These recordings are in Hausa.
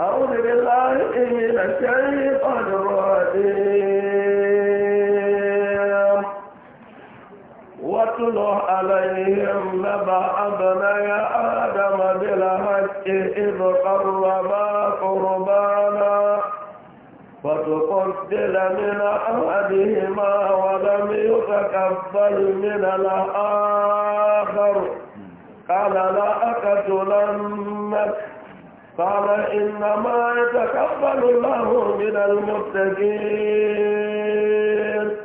أعوذ بالله من الشيطان الرجيم واتل عليهم نبأ ابني آدم بالحق إذ قربا قربانا فتقبل من أحدهما ولم يتقبل من الآخر قال لا أقتلنك قال إنما يتقبل الله من المتقين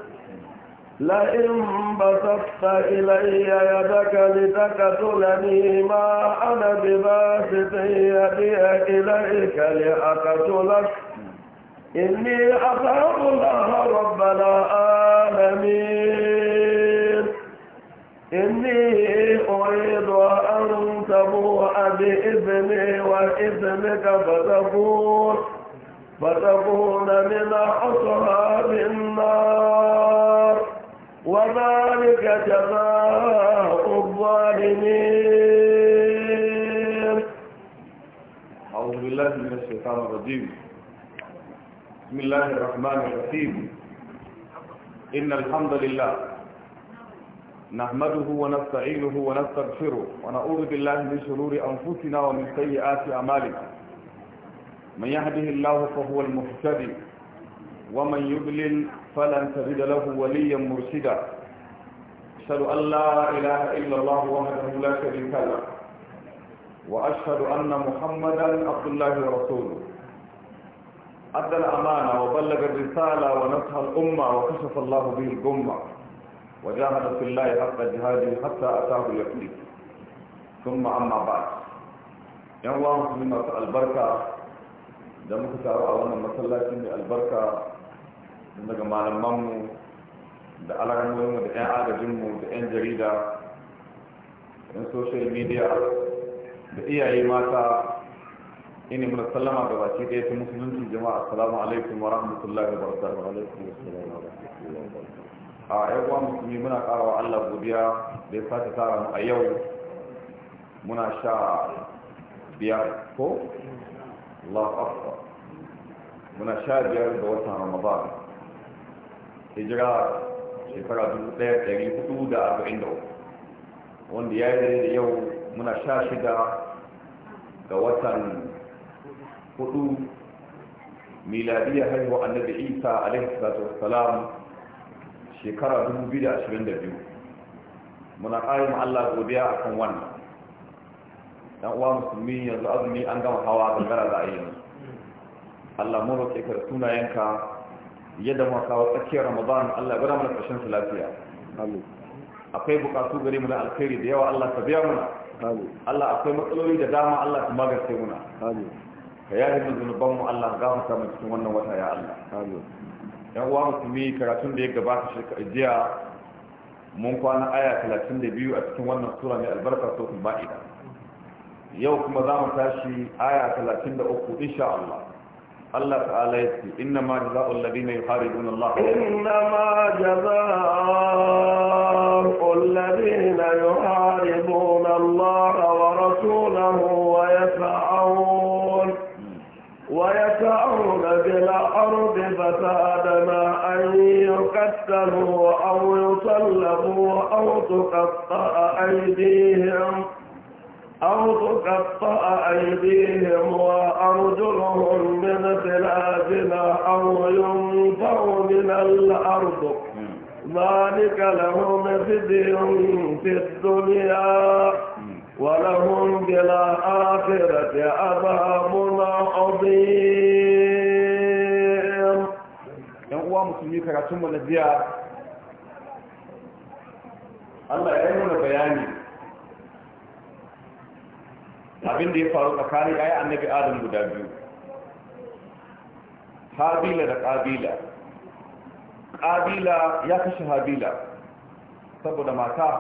لئن بسطت إلي يدك لتقتلني ما أنا بباسط يدي إليك لأقتلك إني أخاف الله رب العالمين إني أريد أن تبوء بإذني وإذنك فتكون فتكون من أصحاب النار وذلك جزاء الظالمين أعوذ بالله من الشيطان الرجيم بسم الله الرحمن الرحيم إن الحمد لله نحمده ونستعينه ونستغفره ونعوذ بالله من شرور أنفسنا ومن سيئات أعمالنا من يهده الله فهو المهتدي ومن يضلل فلن تجد له وليا مرشدا أشهد أن لا إله إلا الله وحده لا شريك له وأشهد أن محمدا عبد الله ورسوله أدى الأمانة وبلغ الرسالة ونصح الأمة وكشف الله به الأمة وجاهد في الله حق جهاده حتى أتاه اليقين ثم أما بعد yan uwa musulmi masu albarka da muka taru a wannan masallaci mai albarka daga malamanmu da alamominmu da 'yan agajinmu da 'yan jarida 'yan social midiya da iyaye mata ini muna sallama ga baki ɗaya ta musulunci jama'a assalamu alaikum wa rahmatullahi a yawan musulmi muna karawa allah godiya da ya sake tara mu a yau muna sha biyar ko allah akbar muna sha biyar ga watan ramadan hijira shekara dubu ɗaya ɗari hudu da arba'in da wanda ya yi da yau muna sha shida ga watan hudu miladiyar haihuwa annabi isa alaihi salatu shekara 2022 muna ƙarin Allah godiya a kan wannan dan uwa musulmi yanzu azumi an gama hawa gangara za a yi yanzu Allah mu roƙe ka sunayenka yadda mu kawo tsakiyar Ramadan Allah ya gura mana ƙarshen su lafiya akwai bukatu gare mu da alkhairi da yawa Allah ka biya muna Allah akwai matsaloli da dama Allah ta magance muna amin ka yaye mu zunuban mu Allah gafarta mu cikin wannan wata ya Allah yan uwa musulmi karatun da ya gabata shekara jiya mun kwana aya 32 a cikin wannan sura mai albarka suratul yau kuma za mu tashi aya 33 insha Allah الله تعالى إنما جزاء الذين يحاربون الله إنما جزاء الذين يحاربون الله ورسوله الأرض فسادنا أن يقتلوا أو يصلبوا أو تقطع أيديهم أو تقطع أيديهم وأرجلهم من خلافنا أو ينفوا من الأرض ذلك لهم خزي في الدنيا ولهم بالآخرة عذاب عظيم uwa musulmi karatun na jiya Allah ya yi nuna bayani abin da ya faru tsakanin ya yi annabi adam guda biyu habila da kabila kabila ya kashe habila saboda mata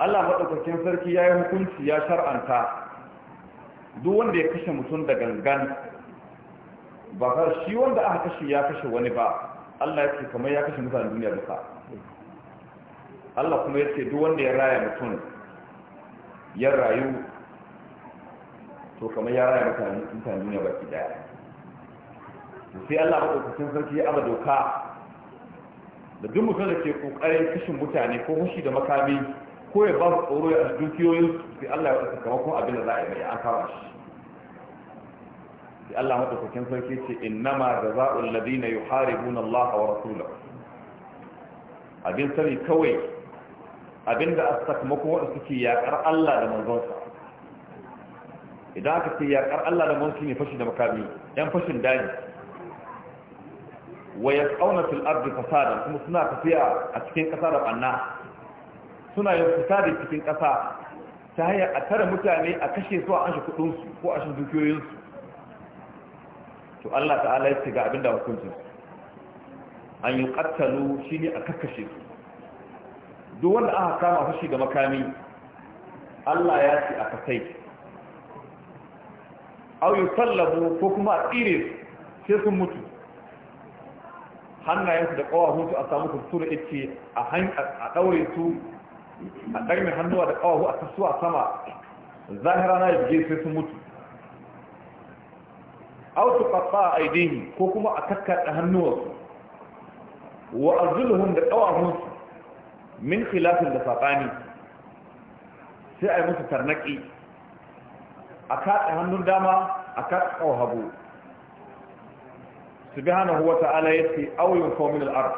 Allah maɗaukakin sarki ya yi hukunci ya shar'anta duk wanda ya kashe mutum da gangan ba ka shi wanda aka kashe ya kashe wani ba Allah ya ce kamar ya kashe mutanen duniya duka Allah kuma ya ce duk wanda ya raya mutum ya rayu to kamar ya raya mutanen duniya baki daya sai Allah maɗaukakin sarki ya aba doka da duk mutum da ke ƙoƙarin kishin mutane ko hushi da makami ko ya ba su tsoro ya dukiyoyin sai Allah ya kuma abin da za a yi mai an kama shi sai Allah madaukakin sarki ce innama jazaa'ul ladina yuharibuna Allah wa rasulahu abin sani kawai abinda a sakamakon suke yakar Allah da manzonsa idan aka ce yakar Allah da manzonsa ne fashi da makami yan fashin daji wa yasqawna fil ardi fasadan kuma suna tafiya a cikin kasa da banna suna yin fasadi cikin kasa ta hanyar a tare mutane a kashe su a an shi kudinsu ko a shi dukiyoyinsu to Allah ta'ala ya ce ga abin da hukuncin an yi kattalu shi ne a kakkashe su duk wanda aka kama fashi da makami Allah ya ce a kasai au yi tallabu ko kuma a tsire sai sun mutu hannayensu da ƙawahunsu a samu kusur ce a ɗaure su a ɗarmin hannuwa da ƙawahu a kasuwa sama zahira na yabge sai sun mutu aw tuqatta aydihim ko kuma a kakkada hannuwansu wa arjuluhum da qawahum min khilafin da faqani sai yi musu tarnaki a kaɗa hannun dama a kaɗa hagu hana huwa ta'ala yace aw yunfamin al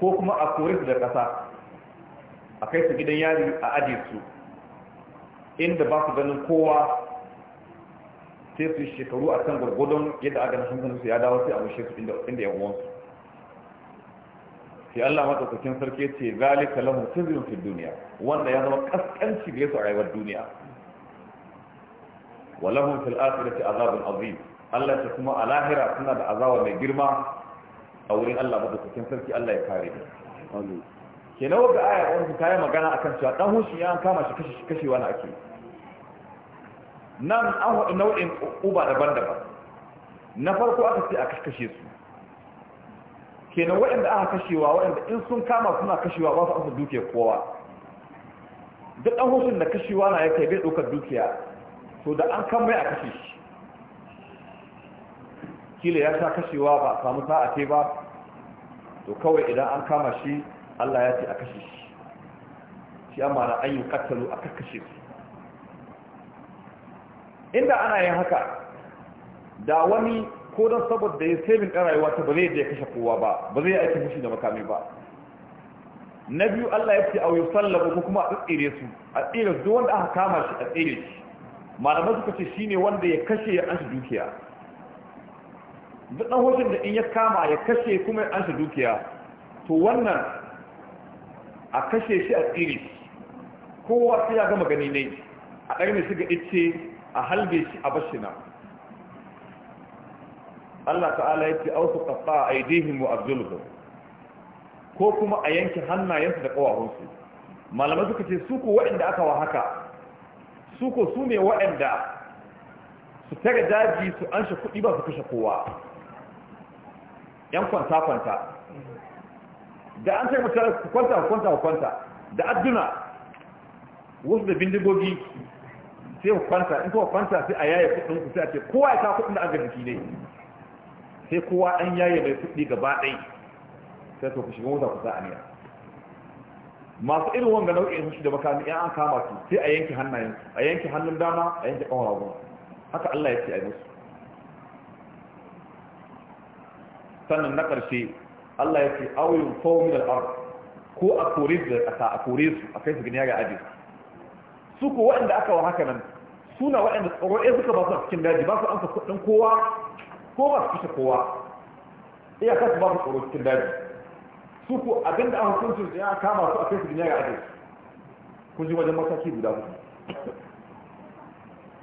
ko kuma a kore su da ƙasa a kai su gidan yari a aje su inda ba su ganin kowa sai su shekaru a kan gwargwadon yadda aka nashin su ya dawo sai a mushe su inda ya uwansu sai Allah matsaukakin sarki ya ce zalika lahu tuzirun fi duniya wanda ya zama kaskanci gare su a rayuwar duniya wa lahum fil akhirati azabun azim Allah ya kuma a lahira suna da azaba mai girma a wurin Allah matsaukakin sarki Allah ya kare mu kenan wanda aya wanda ta yi magana akan cewa dan hushi ya kama shi kashewa na ake nan an haɗu nau'in uba daban-daban na farko aka ce a kashe su kenan waɗanda aka kashewa waɗanda in sun kama suna kashewa ba su asa dukiyar kowa duk ɗan hushin da kashewa na ya kai bai ɗaukar dukiya to da an kan mai a kashe shi kila ya sha kashewa ba samu sa'a ce ba to kawai idan an kama shi Allah ya ce a kashe shi shi amma na an yi katalo a kakkashe su inda ana yin haka da wani ko don saboda ya sabin ɗan rayuwa ta ba zai da ya kashe kowa ba ba zai aiki fushi da makami ba na biyu Allah ya ce a wuyi sallama ko kuma a tsire su a tsire su wanda aka kama shi a tsire shi malamai suka ce shine wanda ya kashe ya ansa dukiya duk ɗan hoshin da in ya kama ya kashe kuma ya ansa dukiya to wannan a kashe shi a tsire shi kowa sai ya gama gani ne a ɗari mai shiga ice a halbe shi a bashina Allah ta'ala ya ce ausu qatta aydihim wa arjuluhum ko kuma a yanke hannayensu da kawahunsu malamai suka ce su ko waɗanda aka wa haka su ko su ne waɗanda su tare daji su an shi kuɗi ba su kashe kowa yan kwanta kwanta da an sai mutum kwanta kwanta kwanta da aduna wasu da bindigogi sai ku kwanta in kuka kwanta sai a yaye kuɗin ku sai a ce kowa ya sa kuɗin da aka jiki ne sai kowa an yaye mai kuɗi gaba ɗai sai to ku shiga wuta ku sa masu irin wanga nau'in shi da makami in an kama su sai a yanke hannayen a yanke hannun dama a yanke ƙawar hagu haka Allah ya ce a musu sannan na ƙarshe Allah ya ce awil fawmin al-ard ko a kore su a kore su a kai su gani ya ga ajiye su ko waɗanda aka wa haka nan suna waɗanda tsoron suka ba su a cikin daji ba su amsa kuɗin kowa ko ba su kashe kowa iya kasu ba su tsoro cikin daji su ko abinda aka hukuncin su ya kama su a kai su duniya ga ajiye kun ji wajen mataki guda hudu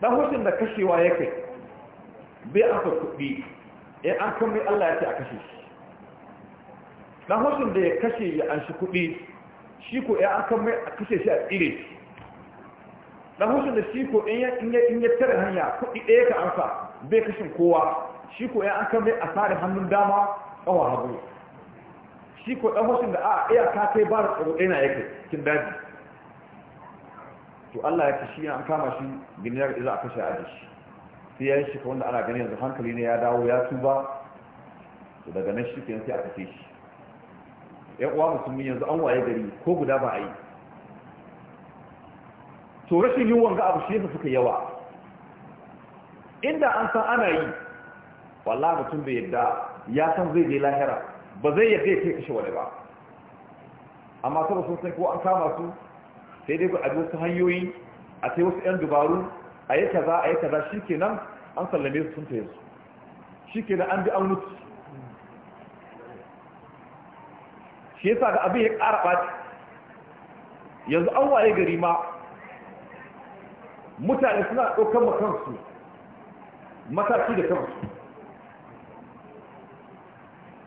dan hushin da kashewa ya kai bai amsa kuɗi in eh, an kan mai Allah ya ce a kashe shi dan hushin da ya kashe ya an shi kuɗi shi ko ya an kan mai a kashe shi a tsire shi dan hushin da shi ko in ya in ya tare hanya kuɗi ɗaya ka amsa bai kashin kowa shi ko ya an kan bai asarin hannun dama ƙawa hagu shi ko dan hushin da a ka kai ba da tsaro ɗaya na yake cikin daji to Allah ya shi an kama shi biniyar iza a kashe aji shi sai ya yi shi wanda ana ganin yanzu hankali ne ya dawo ya tuba to daga nan shi ke sai a kashe shi Ƴan uwa musulmi yanzu an waye gari ko guda ba a yi to rashin yin wanga abu shi suka yawa inda an san ana yi wallahi mutum bai yadda ya san zai je lahira ba zai yadda ya kai kashe wani ba amma saboda sun san ko an kama su sai dai a wasu hanyoyi a sai wasu yan dubaru a yi kaza a yi kaza shikenan an sallame su sun tayi su shikenan an bi an mutu shi yasa ga abin ya ƙara ɓaci yanzu an waye gari ma mutane suna ɗaukar makansu mataki da kansu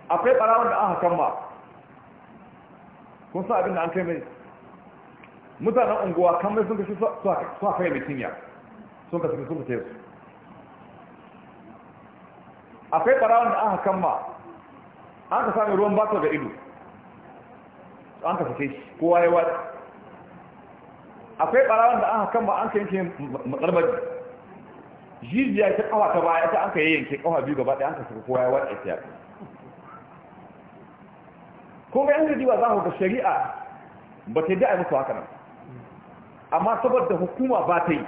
akwai ɓarawar da aka kama kun sa abin da an kai mai mutanen unguwa kan mai sun kashi su haka yi mai kinya sun kasu sun kasu su akwai ɓarawar da aka kama an ka sami ruwan batar da ido an ka sake shi kowa ya wata akwai barawan da aka kan ba an kai yanke matsalbar jijiya ta kawa ta baya ta an ka yanke kawa biyu gaba ɗaya an ka saka kowa ya wata ta. ko ga yanzu diwa za ku ga shari'a ba ta yi da'a musu haka nan amma saboda hukuma ba ta yi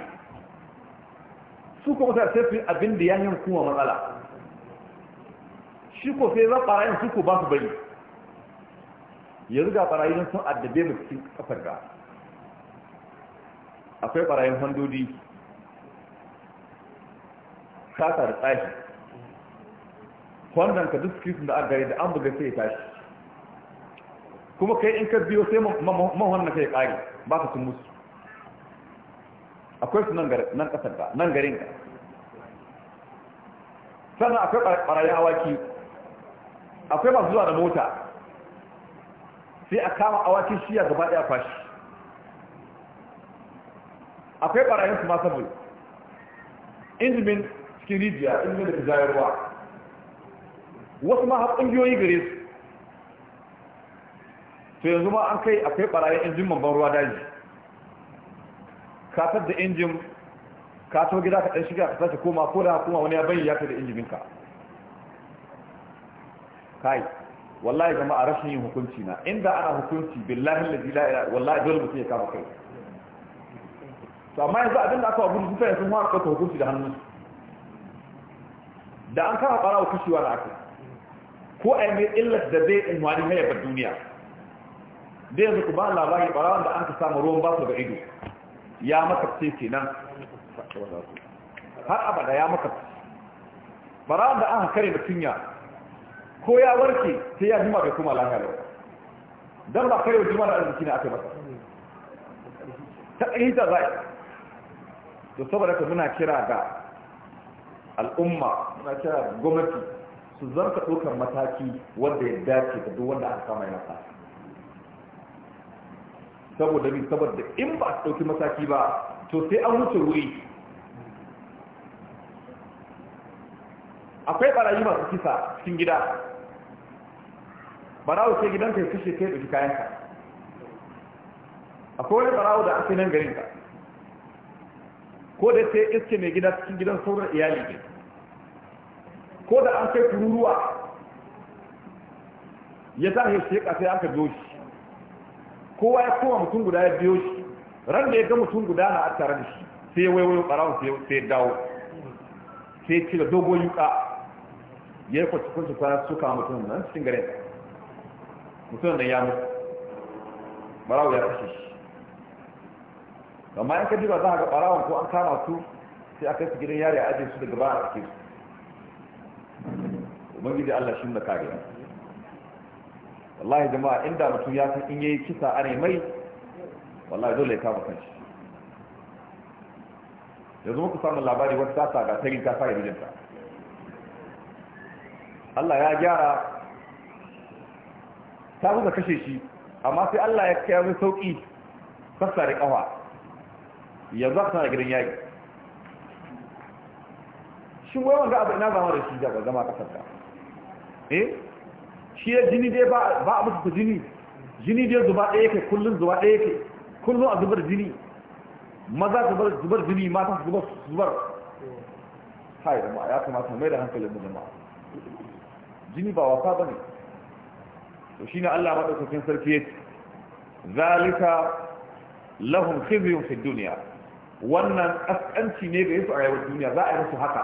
su kuma ta sai abin da ya yi hukuma matsala shi ko sai zan ɓarayin su ko ba su bari yanzu ga ɓarayin sun addabe mu cikin kafar ga akwai ɓarayin hondodi sata da tsashi wannan ka duk kirkin da agari da an buga sai ya tashi kuma kai in ka biyo sai mahon na kai kare ba ka sun musu akwai su nan ƙasar ba nan garin ka sannan akwai ɓarayin awaki akwai masu zuwa da mota sai a kama awakin shiya gaba ɗaya kwashi akwai barayin su masu bai injimin cikin rijiya injimin da ta zayarwa wasu ma har ƙungiyoyi gare su to yanzu ma an kai akwai barayin injin mamban ruwa daji katar da injin ka gida ka ɗan shiga ka sace koma ko da kuma wani ya bayyana ya kai da Ka kai wallahi jama'a rashin yin hukunci na inda ana hukunci billahi la ilaha illa wallahi dole mutum ya kama kai to amma yanzu abinda aka wabu sun fara sun fara ɗauka hukunci da hannun da an kama ɓarawa kashewa na aka ko a yi mai illar da zai in wani hayabar duniya da yanzu ku ba labari ɓarawan da an ka samu ruwan basu ga ido ya makafce nan har abada ya makafce ɓarawan da an kare da tunya ko ya warke sai ya jima bai kuma lafiya da don ba kare wa jima da arziki ne aka yi masa ta ƙahita zai to saboda ka muna kira ga al'umma muna kira gwamnati su zarta ɗaukar mataki wanda ya dace ga duk wanda aka kama yana saboda bi saboda in ba su ɗauki mataki ba to sai an wuce wuri akwai barayi masu kisa cikin gida barawo sai gidanka ya kashe kai ɗauki kayanka akwai wani barawo da aka nan garinka ko da sai iske mai gida cikin gidan sauran iyali ne ko da an kai kururuwa ya tashi shi ya sai aka biyo shi kowa ya koma mutum guda ya biyo shi ran da ya ga mutum guda na a tare da shi sai ya waiwayo ɓarawa sai ya dawo sai ya cire dogon yuka ya yi kwacikunci kwana suka mutum nan cikin gare mutum nan ya mutu ɓarawa ya kashe shi amma in ka jira za ga barawan ko an kama su sai aka su gidan yare a ajiye su daga baya a ake su ubangiji Allah shi da kariya wallahi jama'a inda mutum ya san in yayi kisa a ne mai wallahi dole ya kama kanshi yanzu muku samun labari wata tasa ga ta fara ya mijinta Allah ya gyara ta kuka kashe shi amma sai Allah ya kai mai sauki sassa da ƙawa. yanzu haka tana gidan yaƙi shi wai wanga abu ina zama da shi daga zama kasar ka eh shi ya jini dai ba a mutu jini jini dai zuba ɗaya ke kullum zuba ɗaya ke, kullum a zubar jini maza zubar zubar jini mata zubar zubar hai jama'a ya kamata mai da hankalin mu jama'a jini ba wasa ba ne. to shi ne Allah madaukakin sarki yace zalika lahum khizyun fid dunya wannan askanci ne ga yasu a rayuwar duniya za a yi musu haka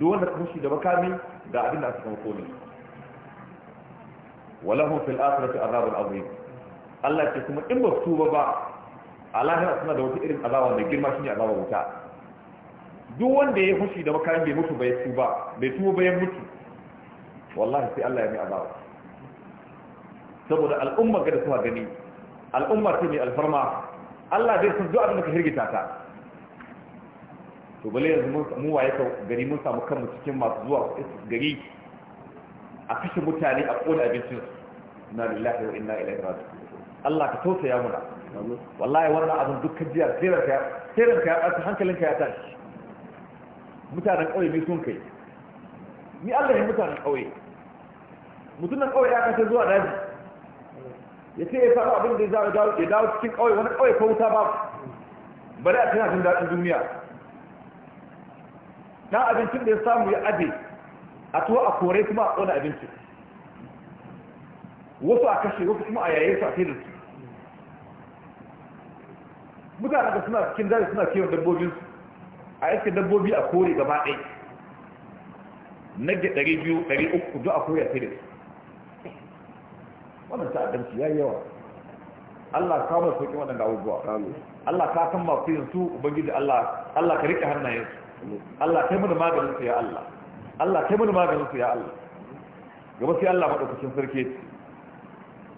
duk wanda ka mushi da makami ga abin da aka kama kone walahum fil akhirati azabun azim Allah ce kuma in ba su ba ba a suna da wata irin azaba mai girma shine azaba wuta duk wanda ya fushi da makarin bai mutu bai tuba bai tuba bayan mutu wallahi sai Allah ya mai azaba saboda al'umma ga da suka gani al'umma ce mai alfarma Allah zai san duk abin da ka hirgita ta to bale yanzu mu waye ka gari mun samu kanmu cikin masu zuwa gari a kashe mutane a kona abincin na lillahi wa inna ilaihi raji'un Allah ka ya muna wallahi wannan abin dukkan jiya sai ka sai ranka ya ɓata hankalinka ya tashi mutanen kauye ne sun kai ni Allah ne mutanen kauye, mutumin kauye ya kashe zuwa daji ya ce ya samu abin da ya dawo ya dawo cikin kawai wani kawai ko wuta ba ba a tana jin daɗin duniya na abincin da ya samu ya aje a tuwa a kore kuma a ƙona abinci wasu a kashe wasu kuma a yayin su a sai da su mutane da suna cikin daji suna dabbobin su a iske dabbobi a kore gaba ɗaya na ɗari biyu ɗari uku duk a kore a sai da su wannan ya yi yawa Allah ka mu sauki wannan abubuwa Allah ka san masu yin su ubangiji Allah Allah ka riƙe hannayen su Allah kai mana maganin su ya Allah Allah kai mana maganin su ya Allah gaba sai Allah madaukakin sarki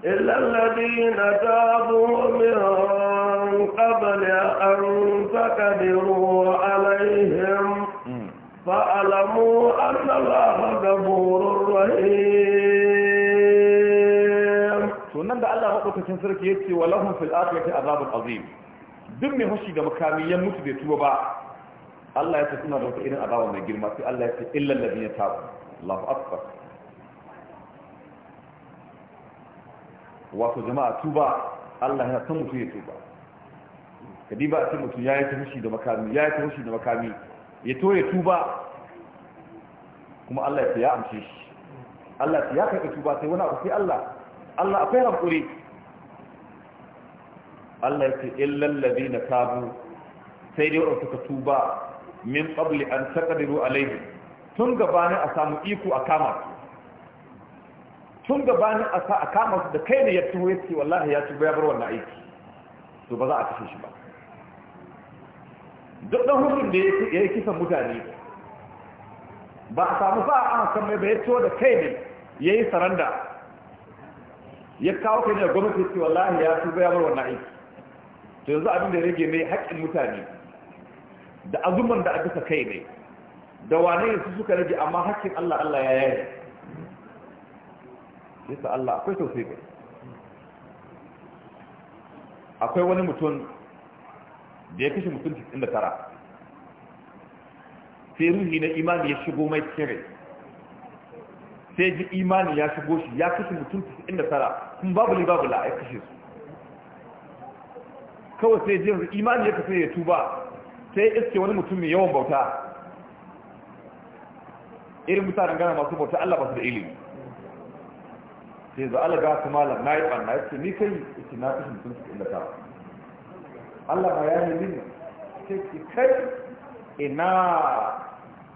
إلا الذين تابوا من قبل saka تقدروا عليهم fa'alamu أن الله غفور رحيم to da Allah madaukakin sarki ya ce wa lahum fil akhirati azabun azim duk mai hushi da makami ya mutu bai tuba ba Allah ya tafi na da wata irin azaba mai girma sai Allah ya ce illal ladina tabu Allahu akbar wato jama'a tuba Allah ya san mutum ya tuba kadi ba sai mutum ya yi ta hushi da makami ya yi ta hushi da makami ya to ya tuba kuma Allah ya ce amshe shi Allah ya karɓi tuba sai wani abu sai Allah Allah akwai hankuri Allah ya ce illal na tabu sai dai wanda suka tuba min qabli an a alaihi tun gabanin a samu iko a kama su. tun gabanin a sa a kama su da kai ne ya tuho ya ce wallahi ya ci ya bar wannan aiki to ba za a kashe shi ba duk dan hukun da ya yi kisan mutane ba a samu sa a kan mai bai da kai ne ya yi saranda ya kawo kai ne gwamnati ce wallahi ya su bayar wa wannan aiki to yanzu abin da ya rage mai haƙƙin mutane da azuman da aka kai ne da wane su suka rage amma haƙƙin Allah Allah ya yaye yasa Allah akwai tausayi ne akwai wani mutum da ya kashe mutum 99 sai ruhi na imani ya shigo mai cikin rai sai ji imani ya shigo shi ya kashe mutum 99 kuma babu ne babu la'a ya kashe su kawai sai jin imani ya kashe ya tuba sai iske wani mutum mai yawan bauta irin mutanen gana masu bauta Allah ba su da ilimi sai zo Allah ga su malam na yi ɓanna ya ce ni kai ita na kashe mutum 99 Allah ma ya yi min sai ki kai ina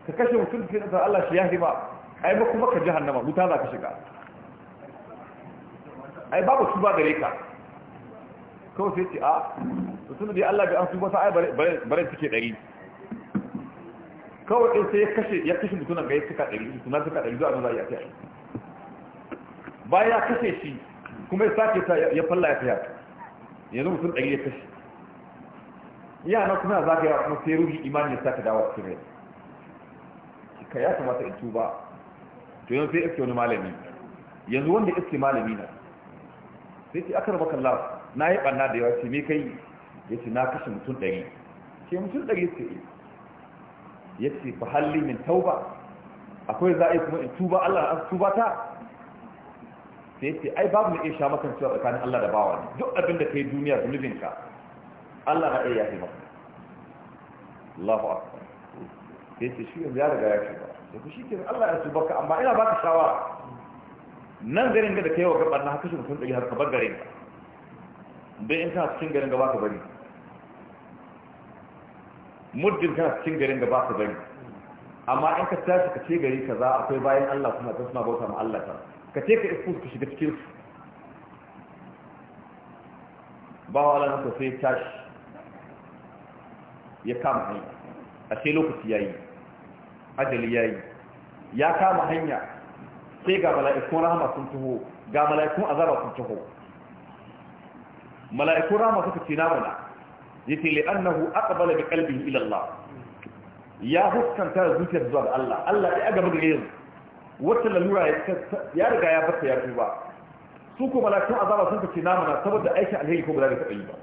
ka kashe mutum 99 Allah shi ya hima ai ba kuma ka hannama, wuta za ka shiga ai babu tuba gare ka kawai sai ce a to tun da Allah bi an su sa ai bare suke dari kawai ɗin sai ya kashe ya kashe mutunan ga ya suka dari, suka dari zuwa za a yi a bayan ya kashe shi kuma ya sake ta ya falla ya fiya yanzu mutum dari ya kashe na kuma za ka yi kuma sai ruhi imani ya sake dawo a cikin rai ka ya kamata in tuba to yau sai iske wani malami yanzu wanda iske malami na sai ce akar rabaka Allah na yi ɓanna da yawa ce me kai ya ce na kashe mutum ɗari ce mutum ɗari ce ya ce ba halli min tauba akwai za a yi kuma in tuba Allah an tuba ta sai ce ai babu na iya sha makan cewa tsakanin Allah da bawa ne duk abin da yi duniya zunubin ka Allah na iya yafe maka Allahu akbar sai ce shi yanzu ya riga ya ba da ku shike Allah ya tuba ka amma ina baka shawara nan garin da kai wa gaban na shi mutum dari har ka bar garin bai in kana cikin garin gaba ka bari muddin kana cikin garin gaba ka bari amma in ka tashi ka ce gari kaza akwai bayan Allah kuma ta suna bauta ma Allah ta ka ce ka iskus ka shiga cikin ba wa Allah sai tashi ya kama hanya a ce lokaci yayi ya yi. ya kama hanya sai ga mala'ikun rahama sun taho ga mala'ikun azaba sun taho mala'ikun rahama suka ce namuna Ya li annahu aqbala bi qalbihi ila Allah ya huskanta zuciyar zuwa ga Allah Allah ya gaba da yanzu wata lalura ya riga ya barta ya tuba su ko malakun azaba sun ce namuna saboda aikin alheri ko ba za ka taɓa yi ba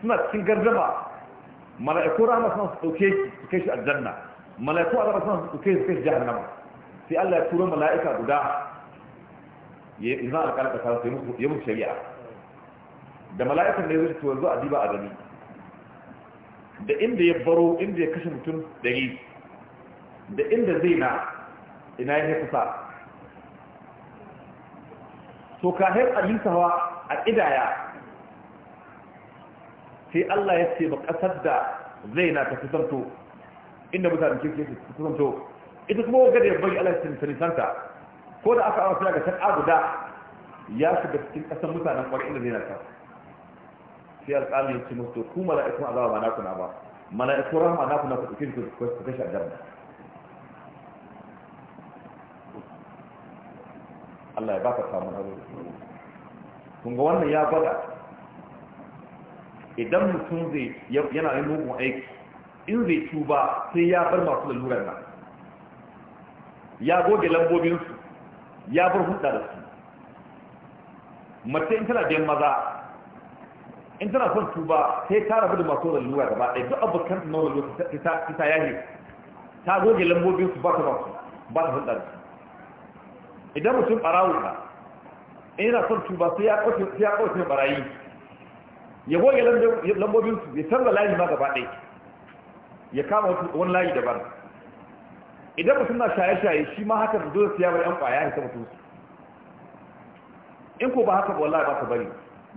suna cikin gardama mala'iku rahama sun su dauke su kai shi aljanna mala'iku azaba sun su dauke su kai shi jahannama sai Allah ya turo mala'ika guda ya izna alƙalƙa ta sai ya musu shari'a da mala'ikan ne zai to yanzu a diba a gani da inda ya baro inda ya kashe mutum dari da inda zai na ina ya kusa to kahin alisawa a idaya sai Allah ya ce ba kasar da zai na ta kusanto inda mutane ke su kusanto ita kuma wadda ya bari Allah ya ce nisanta ko da aka amsa ga shar'a guda ya shiga cikin kasar mutanen kwari inda zai na ta sai alƙalin ya ce musu ku mala'ikun azaba ba naku na ba mala'ikun rahama naku na ku ɗauke ku ku kashe aljanna Allah ya baka samu na kun ga wannan ya gwada idan mutum zai yana yin mugun aiki in zai tuba sai ya bar masu lalurar nan ya goge lambobinsu ya bar hulɗa da su mace in tana biyan maza in tana son tuba sai ta rabu da masu lalura gaba ɗaya duk abokan ta nawa ta ta yahi ta goge lambobinsu ba ta masu ba ta hulɗa da su idan mutum ɓarawo ka in yana son tuba sai ya ƙwace barayi ya goge lambobinsu ya canza layi ma gaba ɗaya ya kama wani layi daban idan mutum na shaye-shaye shi ma haka dole siya bai yan kwaya ya mutum su in ko ba haka ba wallahi ba ka bari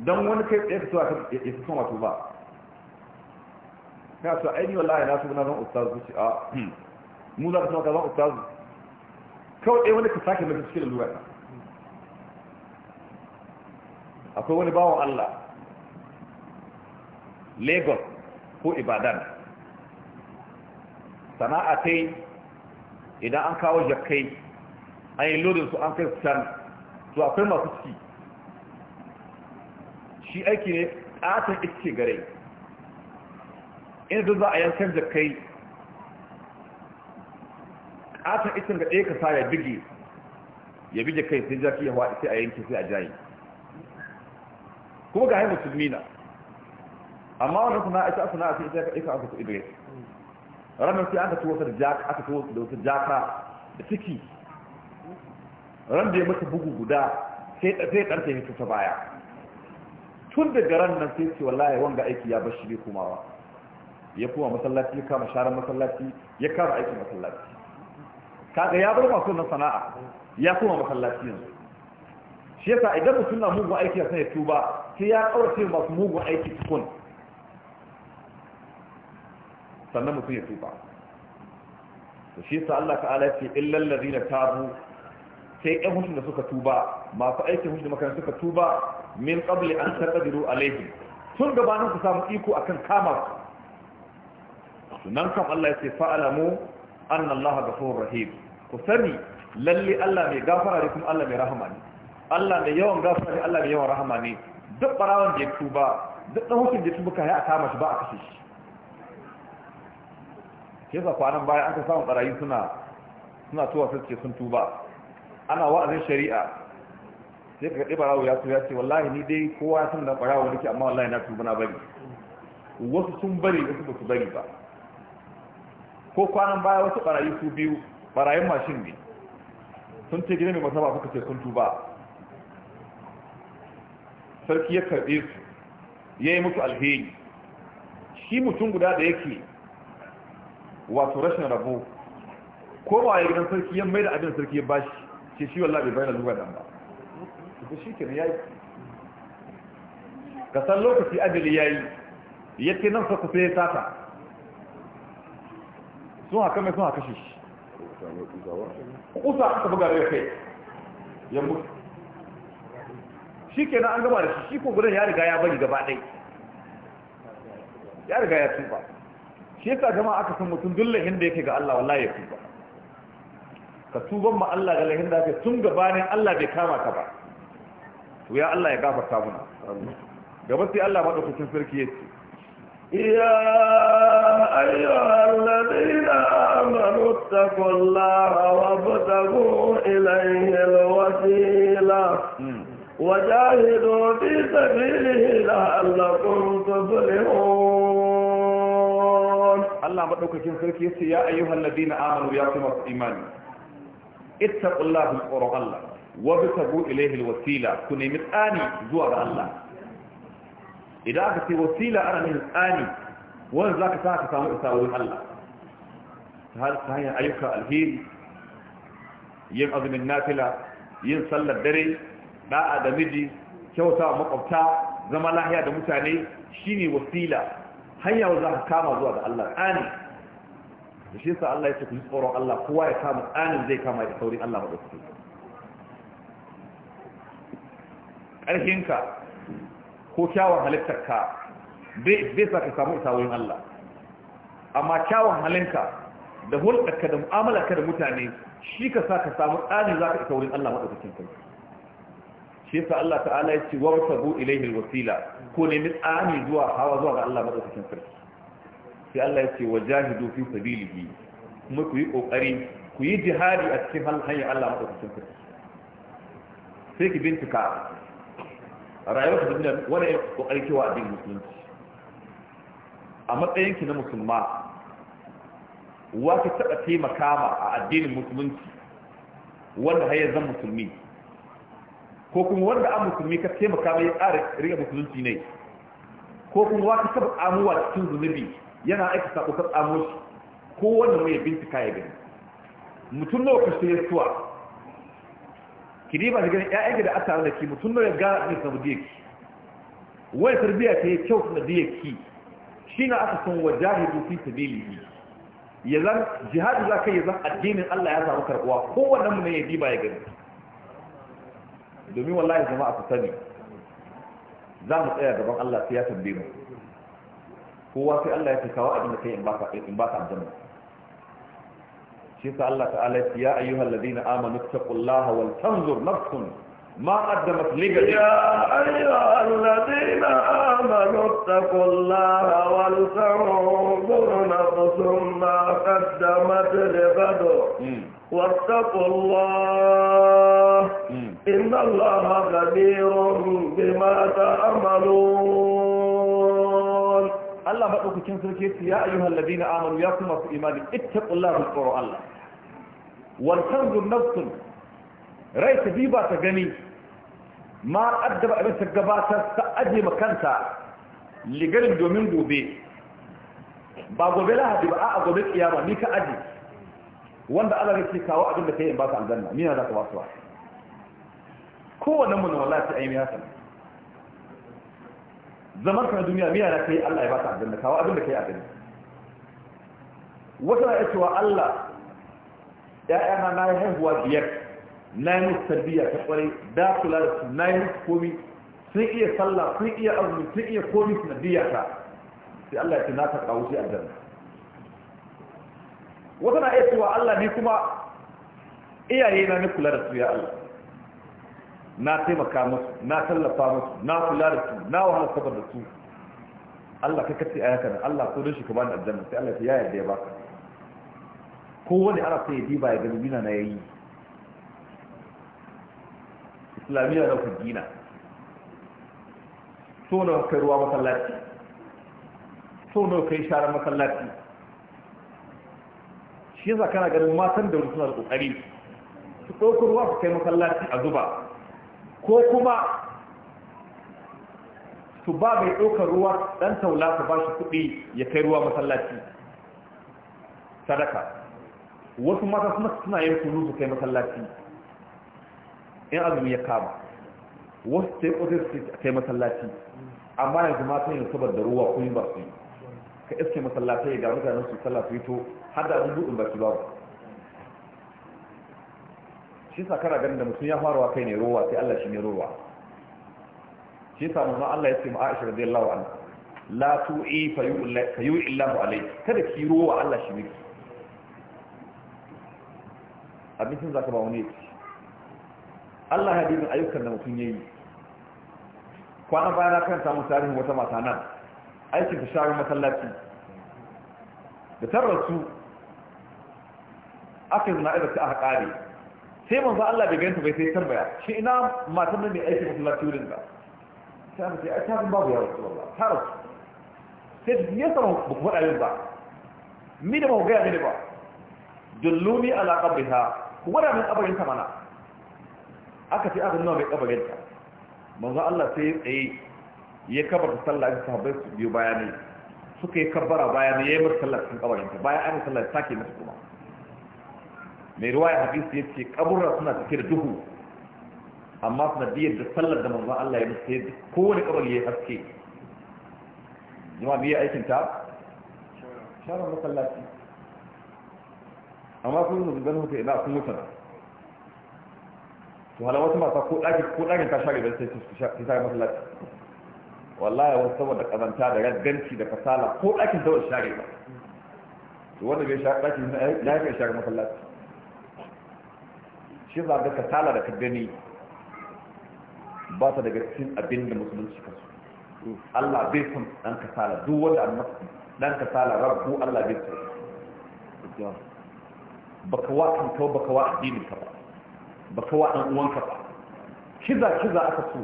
don wani kai tsaye ka so ya fi son wato ba ka so aini wallahi na so na zan ustaz ku ce a ah, hmm. mu za ka so ka zan ustaz kawai ɗaya wani ka sake mai cikin lura akwai wani bawan Allah lagos ko ibadan sana'a ta idan an kawo jakai an yi lodin su an kai can to akwai masu ciki shi aiki ne ƙaton iske gare in duk za a yankan jakai ƙaton iskin ga ɗaya ka sa ya bige ya bige kai sai jaki ya hawa sai a yanki sai a jayi kuma ga hain musulmi na amma wannan kuma ita sana'a ce ita ita aka ku idire ranar sai aka tuwo da jaka aka tuwo da wata jaka da ciki ran da ya mata bugu guda sai sai karfe ne ta baya tun daga ran nan sai ce wallahi wanga aiki ya bashi bai kumawa ya kuma masallaci ya kama sharan masallaci ya kama aikin masallaci kaga ya bar masu nan sana'a ya kuma masallaci yanzu shi yasa idan mutum na mugun aiki ya sanya tuba sai ya kaurace masu mugun aiki tukun sannan mutum ya tuba to shi yasa Allah ta'ala ce illal ladina tabu sai ɗan hushin da suka tuba masu aikin hushin makaran suka tuba min qabli an taqdiru alaihi tun gabanin ku samu iko akan kama su nan kam Allah ya ce fa'alamu anna Allah ghafurur rahim ku sani lalle Allah mai gafara ne kuma Allah mai rahama ne Allah mai yawan gafara ne Allah mai yawan rahama ne duk barawan da ya tuba duk ɗan hushin da ya tuba kai a kama shi ba a kashe shi shi yasa kwanan baya an ka samu barayi suna suna tuwa su ce sun tuba ana wa'azin shari'a sai ka ɗi barawo ya so ya ce wallahi ni dai kowa ya san da barawo nake amma wallahi na tuba na bari wasu sun bari wasu ba su bari ba ko kwanan baya wasu barayi su biyu barayin mashin ne sun ce gida mai masaba suka ce sun tuba sarki ya karɓe su ya yi musu alheri shi mutum guda da yake wato rashin rabo ko ba ya gidan sarki ya mai da abin sarki ya bashi ce shi wallabi bai lura da ba ba ko shi ya yi. ka san lokaci ya yi. Ya ce nan sa ku sai tata sun haka mai sun haka shi kusa aka buga ya kai ya mutu shi ke nan an gaba da shi shi ko gudan ya riga ya bari gaba ɗai ya riga ya tuba shi yasa jama'a aka san mutum duk lahin da yake ga Allah wallahi ya tuba ka tuban ma Allah ga lahin da yake tun gabanin Allah bai kama ka ba to ya Allah ya gafarta muna gaba sai Allah madaukakin sarki yace يا أيها الذين آمنوا اتقوا الله وابتغوا إليه الوسيلة وجاهدوا في سبيله لعلكم تفلحون Allah madaukakin sarki ce ya ayyuhal ladina amanu ya kuma imani ittaqullaha tsoron Allah wa bitabu ilayhi alwasila ku nemi tsani zuwa ga Allah idan aka ce wasila ana nemi tsani wanda zaka sa ka samu isa wurin Allah ta hanyar ayyuka alheri yin azumin nafila yin sallar dare da'a da miji kyauta makwabta zama lahiya da mutane shine wasila Hanyar za ka kama zuwa da Allah tsani da shi sa Allah ya ce ku ji tsoron Allah kowa ya kama tsanin zai kama da saurin Allah maɗaukaki ƙarfinka ko kyawun halittarka bai sa ka samu isa wurin Allah amma kyawun halinka da hulɗarka da mu'amalarka da mutane shi ka sa ka samu tsanin za ka isa wurin Allah maɗaukakin kai shi yasa Allah ta'ala ya ce wartabu ilayhi alwasila ko ne mitsani zuwa hawa zuwa ga Allah madaukakin sarki sai Allah ya ce wajahidu fi sabilihi kuma ku yi kokari ku yi jihadi a cikin hanyar Allah madaukakin sarki sai ki bintika rayuwar da duniya wani ya kokari kewa addinin musulunci a matsayin ki na musulma wa ki taɓa taimaka ma a addinin musulunci wanda har yanzu musulmi ko kuma wanda an musulmi ka taimaka mai tsare riga musulunci ne ko kuma wata saba amuwa cikin zunubi yana aika sako ka tsamo shi ko wanda mai bincika ya gani mutum nawa ka shirya suwa ki riba da ganin ƴaƴan da aka da ki mutum nawa ya gana ne samu diya ki wani tarbiyya ta yi kyau na diya ki shi na aka san wa jahidu fi sabilihi ya zan jihadi za ka yi zan addinin Allah ya samu karɓuwa kowannen mu ne ya diba ya gani domin wallahi jama'a su sani za mu tsaya gaban Allah sai ya tambaye mu kowa sai Allah ya tsawa a da kai in baka in ba baka aljanna shi sa Allah ta'ala ya ya ayyuhal amanu taqullaha wal tanzur nafsun ما قدمت لغد يا أيها الذين آمنوا اتقوا الله ولتنظر نفس ما قدمت لغد واتقوا الله إن الله خبير بما تعملون الله فأقول كم سركيت يا أيها الذين آمنوا يا كم في إيماني اتقوا الله بالقرآن الله والتنظر نفس رأي تجيبا تغني ما أدب أبن تقباتا سأجي مكانتا لقرم دومين دوبي ba gobe lahadi ba a gobe kiyama ni ka aji wanda Allah yake kawo abin da kai in ba baka aljanna ni na ka ba su kowanne mun wallahi ai mi hasan zaman ka duniya miya na kai Allah ya ba baka aljanna kawo abin da kai aljanna wata ya ce wa Allah ya'yana na yi haihuwa biyar na yi musu tarbiyya ta kwarai da kula da su na yi musu komi sun iya sallah sun iya azumi sun iya komi su biya ta sai Allah ya ce na ta kawo shi aljanna wata na iya cewa Allah ne kuma iyaye na ni kula da su ya Allah na taimaka musu na tallafa musu na kula da su na wahala saboda su Allah kai kace ayaka da Allah ko don shi ka bani aljanna sai Allah ya yarda ya baka ko wani ana sai ya diba ya gani mina na yayi islamiyya da kudina so nawa kai ruwa masallaci so nawa kai sharar masallaci shi yasa kana ganin matan da suna da kokari su ɗauko ruwa su kai masallaci a zuba ko kuma su ba mai ɗaukar ruwa ɗan taula su ba shi kuɗi ya kai ruwa masallaci sadaka wasu mata suna suna yin kunu su kai masallaci in azumi ya kama wasu sai su kai masallaci amma yanzu matan yanzu saboda ruwa kun ba su yi ka iske masallatai ga mutanen su sallah su fito har da abin buɗin baki babu shi sa kana ganin da mutum ya farawa kai ne rowa sai Allah shi ne rowa shi sa mun Allah ya ce ma Aisha radiyallahu anha la tu'i fa yu'i Allahu alayhi kada ki rowa Allah shi miki abincin zaka ba wani yake Allah hadin ayyukan da mutum yayi kwana bayan kan samu tarihin wata mata nan Aiki ta share masallaci da tarrasu aka zina idan ta aka kare sai manzo Allah bai ganta bai sai tambaya shi ina matan nan ne aikin masallaci wurin da sai aka ce ai ta babu ya rasu Allah ta rasu sai ya samu ba ku faɗa yin ba mi da ba ku gaya mini ba dullumi ala qabriha ku gwada min abarinta mana aka ce aka nuna mai kabarin ta manzo Allah sai tsaye ya kabar da sallah ga sahabbai su biyo bayanai suka yi kabbara bayanai ya yi mata sallah cikin kabarin ta bayan an sallah ke musu kuma mai ruwaya hadisi yace kaburra suna cike da duhu amma suna biyar da sallar da manzon Allah ya musu yadda kowane kabari ya haske jama'a biya aikin ta sharar masallaci amma kun zuwa ganin hukun ina sun mutuna to halawar wata mata ko ɗakin ta share da sai su share masallaci wallahi wasu saboda kazanta da ragganci da fasala ko ɗakin da wasu share ba to wanda bai share ɗakin na ya kai share masallaci shi za ga fasala da ka gani ba ta daga cikin abin da musulunci ka so Allah bai san ɗan kasala duk wanda an masu ɗan kasala rabu Allah bai san baka wa kanka baka wa addinin ka ba baka wa ɗan uwanka ba kiza kiza aka so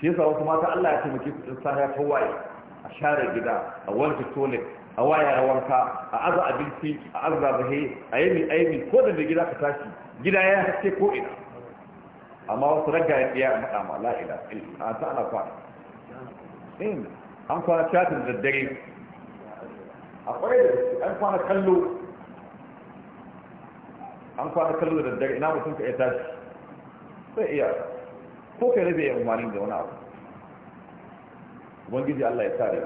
shi yasa wasu mata Allah ya taimake su in safiya ta a share gida a wanke toilet a waya wanka a aza abinci a aza zahe a yi aimi ko da gida ka tashi gida ya haske ko ina amma wasu raga ya tsaya a maɗa ma la'ila a ta ana kwana in an kwana shatin da dare a kwarai da gaske an kwana kallo an kwana kallo da daddare ina mutum ka iya tashi sai iya ko kai rabe yin wani da wani abu ubangiji Allah ya tare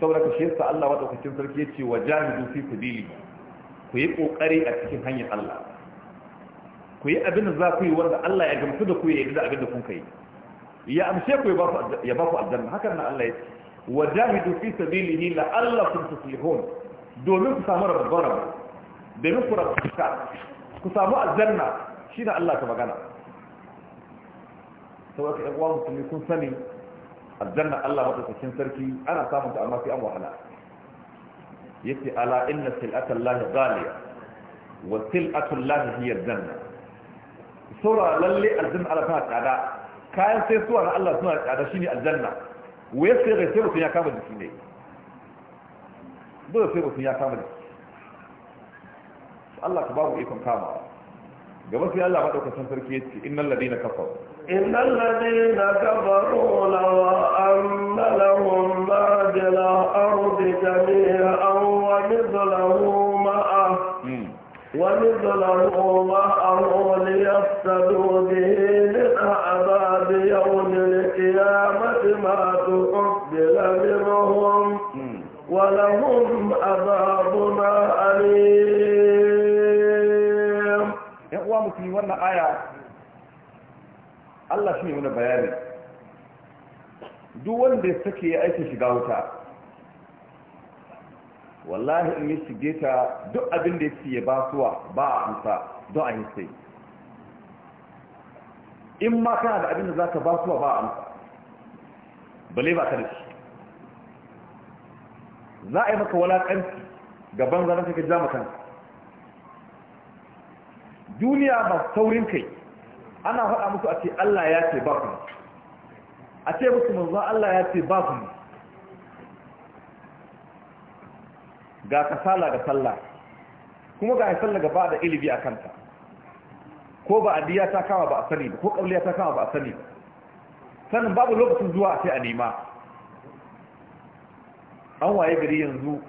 saboda ka shesa Allah wata kucin sarki ya ce wa jahidu fi sabili ku yi kokari a cikin hanyar Allah ku yi abin da za ku yi wanda Allah ya gamsu da ku ya yi da abin da kun kai ya amshe ku ya ba ku aljanna hakan na Allah ya ce wa jahidu fi sabilihi la'allakum tuflihun domin ku samu rabbar domin ku rabbuka ku samu aljanna shi da Allah ta magana saboda ɗan uwa musulmi sun sani aljanna Allah madaukakin sarki ana samun ta amma sai an wahala yace ala inna sil'atal lahi ghaliya wa sil'atul lahi hiya janna. sura lalle aljanna Allah tana tsada kayan sai suwa na Allah suna tsada shine aljanna waye sai ga sai mutum ya kama jiki ne dole sai mutum ya kama jiki Allah ka babu ikon kama gaba sai Allah madaukakin sarki yace innal ladina kafaru إن الذين كفروا لو أن لهم معدل الأرض جميعا ومثله معه ومثله معه ليفسدوا به من أعذاب يوم القيامة ما تقبل منهم ولهم عذاب أليم. يا أخوة مسلمين آيات Allah shi ne wani bayani duk wanda ya sake ya aikin shiga wuta wallahi in ya shige ta duk abin da ya ce ya basuwa ba a amsa don a hisai in ma kana da abin da za ka basuwa ba a amsa bale ba ta da shi za a yi maka walaƙanci gaban zanen ka ja makanka duniya ba saurin kai ana faɗa musu a ce Allah ya ce ba ku a ce musu manzon Allah ya ce ba ku ga kasala ga sallah kuma ga sallah gaba da ilimi a kanta ko ba adiya ta kama ba a sani ba ko kabliya ta kama ba a sani ba sannan babu lokacin zuwa a ce a nema an waye gari yanzu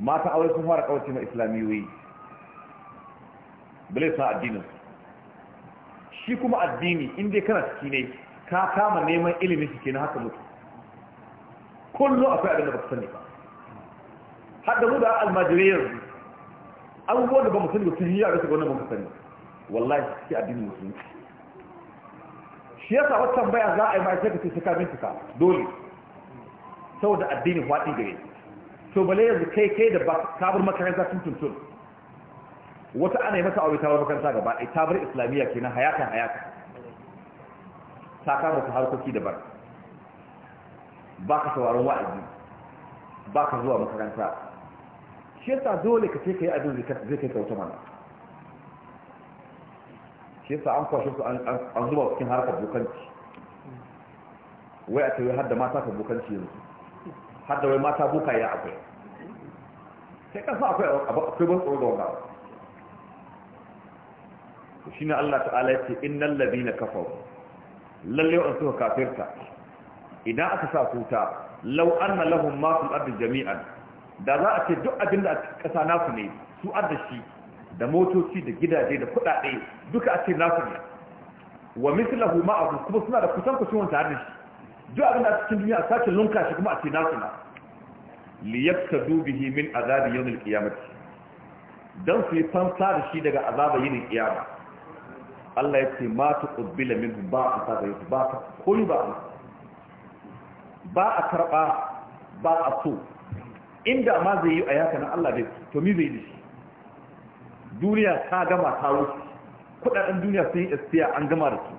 mata aure sun fara kawace ma islamiyoyi bale sa addinin shi kuma addini in dai kana ciki ne ka kama neman ilimin shi na haka mutu kullum akwai abin da ba sani ba har da mu da almajirai yanzu abubuwan da ba mu sani ba sun yi a rasu gwamnan mun sani wallahi shi addini musulunci shi ya sa wata tambaya za a yi da sai ka ce suka bincika dole saboda addini faɗi gare to bale yanzu kai kai da ba kabar makaranta tun tuntun wata ana yi masa aure ta bar makaranta gaba ɗaya ta bar islamiyya ke na hayata-hayata. ta kama su harkoki daban ba ka sauraron wa'azi ba ka zuwa makaranta shi yasa dole ka ce ka yi abin zai kai kyauta mana shi yasa an kwashe su an zuba cikin harkar bukanci wai a tawai har da mata ka bukanci yanzu har da wai mata buka ya akwai sai kasa akwai akwai ban tsoro ga wanda shine Allah ta'ala ya ce innal ladina kafaru lalle wa suka kafirta idan aka sa su ta law anna lahum ma ardi jami'an da za a ce duk abin da kasa nasu ne su adda shi da motoci da gidaje da kudade duka a ce nasu ne wa mislahu abu kuma suna da kusan kusan wanda da shi duk abin da cikin duniya a sace lunka shi kuma a ce nasu na li yaktadu bihi min azabi yawm al-qiyamah dan su yi fansa da shi daga azabi yawm al-qiyamah Allah ya ce ma ƙubbila min ba a saka yau ba ta koyi ba ba a karɓa ba a so inda ma zai yi a yaka na Allah bai to mi zai dishi duniya ta gama ta wuce kudaden duniya sun yi istiya an gama da su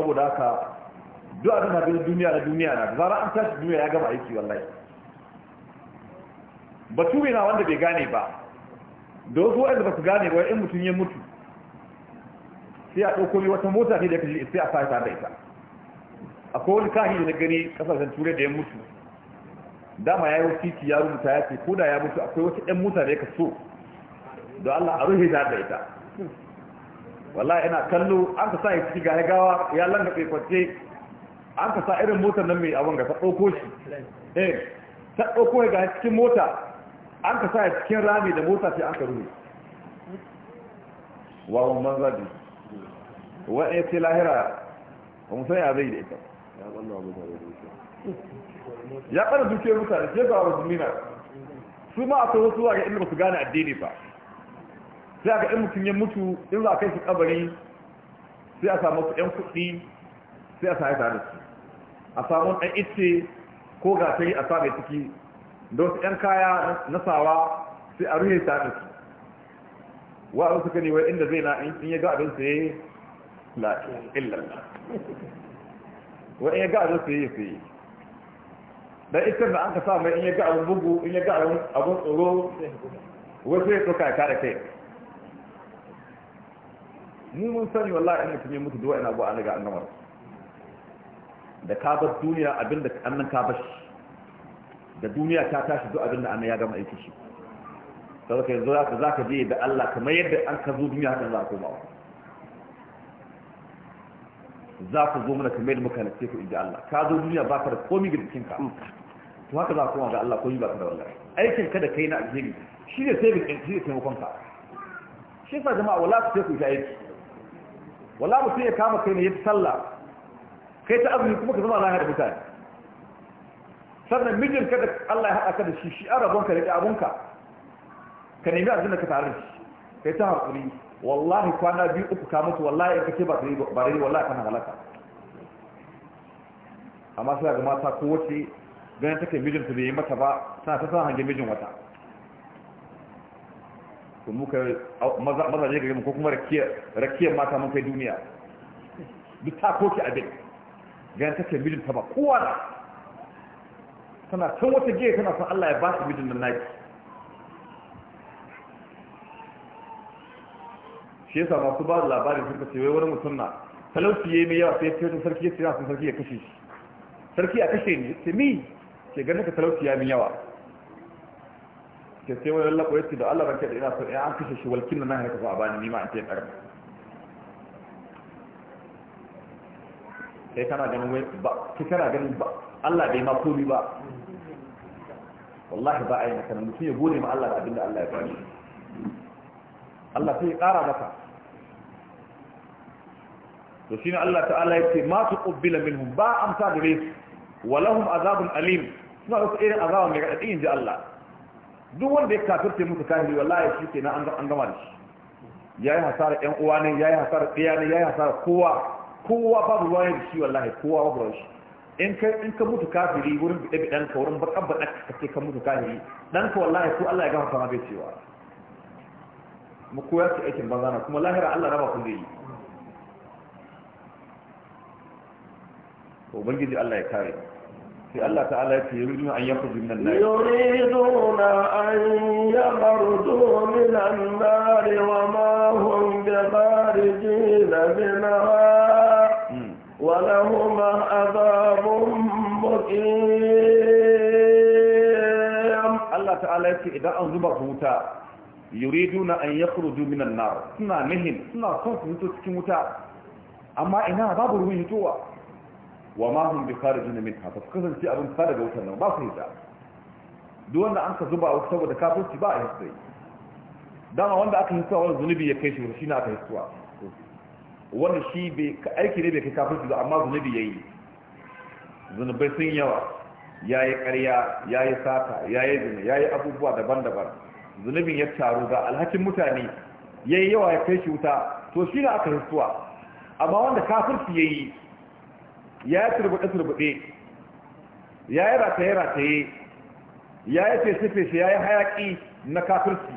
saboda haka duk abin da bin duniya da duniya na da zara an tashi duniya ya gama aiki wallahi batu na wanda bai gane ba don wa da ba su gane ba in mutum ya mutu sai a ɗauko ni wata mota ne da kashi sai a sa da ita akwai wani kahi da gani kasashen ture da ya mutu dama ya yi titi ya rubuta ya ce koda ya mutu akwai wata 'yan mota da ya kaso da Allah a ruhe ta da ita wallahi ina kallo an ka sa ya ciki gane gawa ya langa kwace an ka sa irin motar nan mai abin ga ta ɗauko shi eh ta ɗauko ya ga cikin mota an ka sa cikin rami da mota sai an ka ruhe wawan manzabi wa'in ya ce lahira ba mu ya zai da ita ya ƙara duke mutane sai ba wasu su ma akwai wasu suwa ga inda ba su gane addini ba sai aka in mutum ya mutu in za a kai shi kabari sai a samu yan kuɗi sai a sa ya tare su a samu ɗan ice ko yi a sa mai ciki da wasu ‘yan kaya na sawa sai a ruhe ta wa wa'azin suka wai inda zai na in ya ga abin sai la na wa in ya ga abin sai sai dan isar da an ka sa in ya ga abin bugu in ya ga abin tsoro wasu ya tsoka ya kare kai mu mun sani wallahi in mutum ya mutu duwa ina ba an ga annabar da da kabar duniya abinda annan kabar shi da duniya ta tashi duk abin da annan ya gama aiki shi ka yanzu zaka zaka je da Allah kamar yadda an ka zo duniya hakan za ka koma za ku zo mana kamar yadda muka nace ku inda Allah ka zo duniya ba ka da komai ga ka to haka za ka koma ga Allah komai ba ka da wallahi aikin ka da kai na ajiri shi ne sai ka shi ne taimakon ka shi fa jama'a wala ku sai ku yi aiki wala mutum ya kama kai ne ya sallah kai ta azumi kuma ka zama lahiya da mutane sannan mijin ka da Allah ya haɗa ka da shi shi a rabon ka da abunka ka nemi azina ka tare da shi kai ta haƙuri wallahi kwana biyu uku ka mutu wallahi in ce ba tare ba rai wallahi kan halaka amma sai ga mata ko wace ganin take mijin ta bai mata ba tana ta san hangen mijin wata to muka maza maza ko kuma rakiya mata mun kai duniya duk ta koki abin ganin take mijin ba kowa tana can wata gefe tana son Allah ya ba su mijin nan naki shi yasa masu ba da labarin suka ce wai wani mutum na talauci ya yi mai yawa sai ya ce sarki ya ce na sun sarki ya kashe shi sarki a kashe ni ce mi ke ganin ka talauci ya min yawa ke sai wani lallako ya ce da Allah ranka da ina son ya an kashe shi walkin nan na haka fa a bani ni ma a ce ya karba kai kana ganin wai ba kai kana ganin ba Allah bai ma komai ba wallahi ba a yi maka mutum ya gode ma Allah da abinda Allah ya bani Allah sai ya ƙara maka to shine Allah ta'ala ya ce ma tuqbila minhum ba amsa gare su walahum azabun alim suna da irin azaba mai radadi inji Allah duk wanda ya kafirce musu kafiri wallahi shi kenan an gama da shi yayi hasara ƴan uwa ne yayi hasara tsiya ne yayi hasara kowa kowa babu ruwa da shi wallahi kowa babu ruwa shi in ka in ka mutu kafiri wurin bude dan ka wurin bakan bakan ka ce ka mutu kafiri dan ka wallahi ko Allah ya gafarta ma bai cewa mu koya su aikin banzana kuma lahira Allah raba ku zai yi to ubangiji Allah ya kare sai Allah ta'ala ya ce yuriduna an yakhruju minan nar yuriduna an yakhruju minan nar wa ma hum bi kharijin minha لهما عذاب مقيم الله تعالى يقول إذا أنظر هوتا يريدون أن يخرجوا من النار سنا نهن سنا صوت هتو سكموتا أما إنا باب روين هتوا وما هم بخارجين منها فسكذا في أبن خارج وتنم باس هتا دون أنك زبا أو سوى دكاتو سباء هستي دعنا وانا أكي هتوا والذنبي يكيش ورشينا أكي هتوا Wannan shi aiki ne bai kai su ba amma zunubi ya yi zunubai sun yawa ya yi ƙarya ya yi sata ya yi zina ya yi abubuwa daban-daban zunubin ya taru ga alhakin mutane ya yi yawa ya kai shi wuta to shi ne aka hisuwa amma wanda su ya yi ya yi turbuɗe-turbuɗe ya yi rataye-rataye ya yi feshe-feshe ya yi hayaƙi na kafirci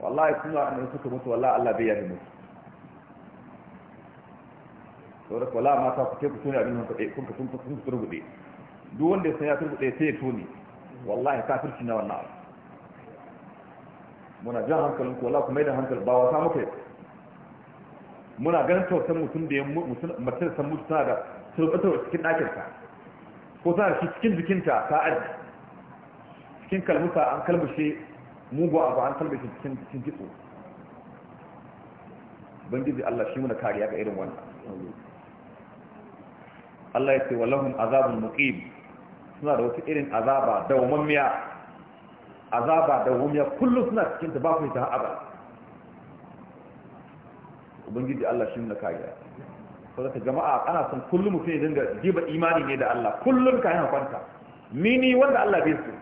wallahi suna annan suka mutu wallahi Allah bai yi mutu saboda wala mata ku ce ku tuni abin kun kun kun turbude duk wanda ya san ya turbude sai ya tuni wallahi kafirci na wannan abu muna jan hankalin ku wala ku mai da hankali ba wata muka yi muna ganin tausan mutum da ya mutum san mutu tana da turbutar cikin ɗakinta ko tana shi cikin jikinta ta aji cikin kalmusa an kalmushe mugu abu an kalmushe cikin cikin kitso ubangiji Allah shi muna kariya ga irin wannan Allah ya ce walahum azabun muqim suna da wata irin azaba dawamammiya azaba dawamammiya kullum suna cikin ta ba ku ta abada ubangiji Allah shi ne kariya ko ka jama'a ana son kullum mu sai dinga jiba imani ne da Allah kullum ka yana kwanta ni wanda Allah bai so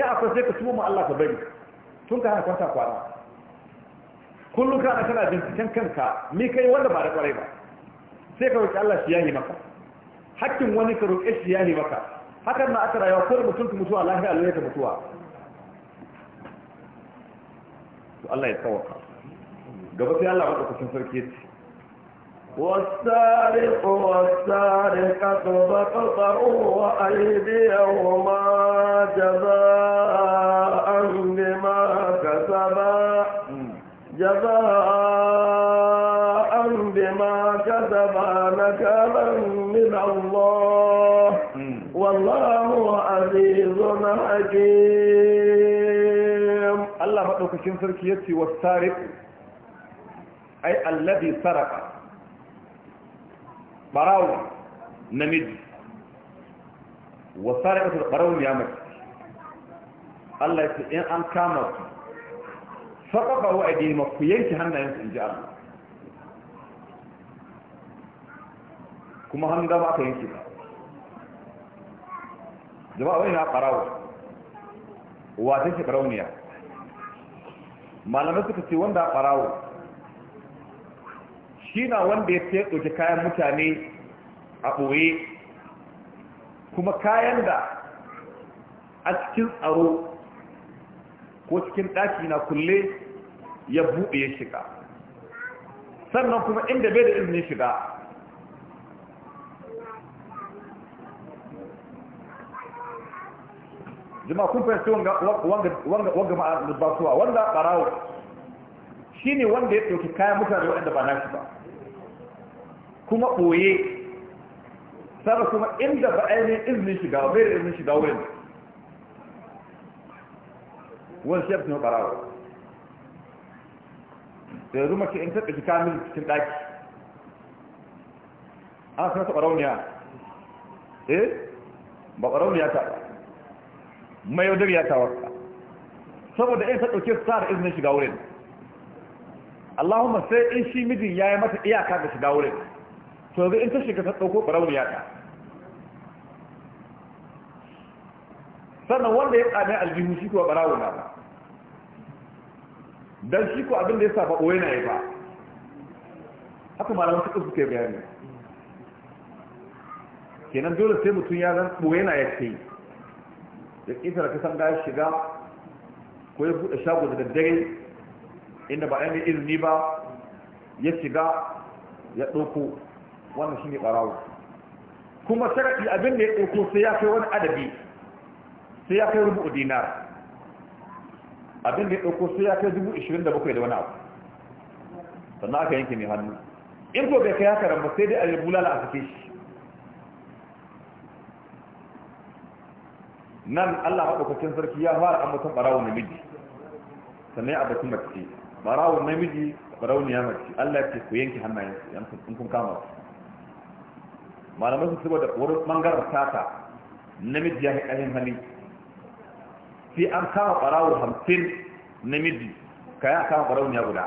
eh akwai sai ka tuba mu Allah ka bari tun ka yana kwanta kwana kullum kana kana binciken kanka me kai wanda ba da kwarai ba sai ka roƙi Allah shi yahi maka hakkin wani ka roƙe shi yahi maka hakan na aka rayuwa ko mutum ka mutuwa lafiya Allah ka mutuwa to Allah ya tsawaka gaba sai Allah kusan sarki ya ce والسارق والسارقة فاقطعوا أيديهما جزاء بما كسبا جزاء اتبع نكالا من الله والله عزيز حكيم الله مدوكين سركي يتي والسارق اي الذي سرق براو نمد وسارقة براو يا الله يقول ان كامل كامت فقفه ايدي مكي ينتهي هنا ينتهي الله kuma hannun dama aka yanke ba jama'a wani na ƙarawo watan shi ƙarauniya malamai suka ce wanda ƙarawo shi na wanda ya ce ɗauki kayan mutane a ɓoye kuma kayan da a cikin tsaro ko cikin ɗaki na kulle ya buɗe ya shiga sannan kuma inda bai da izinin shiga Jama'a kun fahimci wanga basuwa wanda barawo shi ne wanda ya ɗauki kayan mutane waɗanda ba nashi ba kuma ɓoye sada kuma inda ba ainihin izinin shiga ba da izinin shiga wurin wani shi ya fi barawo da yanzu mace in taɓa kika min cikin ɗaki an san ta ɓarauniya eh ba ɓarauniya ta ba mai yaudar ya tawarsa saboda in ta ɗauke su ta izinin shiga wurin Allahumma sai in shi mijin ya yi mata iyaka ga shiga wurin to zai in ta shiga ta ɗauko ɓarauni ya ta sannan wanda ya tsami aljihu shi kuwa ɓarawo na ba don shi ko abin da ya saba ɓoye na ya ba haka malaman suka suke bayani kenan dole sai mutum ya zan ɓoye na ya ce yi da kifar ka san gaya shiga ko ya buɗe shago da daddare inda ba ainihin izini ba ya shiga ya ɗauko wannan shi ne ɓarawo kuma sharaɗi abin da ya ɗauko sai ya kai wani adabi sai ya kai rubu dinar abin da ya ɗauko sai ya kai dubu ishirin da bakwai da wani abu sannan aka yanke mai hannu in ko bai kai haka ba sai dai a yi bulala a sake shi nan Allah maɗaukacin sarki ya fara ambaton ɓarawun namiji sannan ya ambaci mace ɓarawun namiji ɓarawun ya mace Allah ce ku yanke hannayen in kun kama su malamai su saboda wani ɓangaren sata namiji ya haƙarin hali sai an kama ɓarawun hamsin namiji ka ya kama ɓarawun ya guda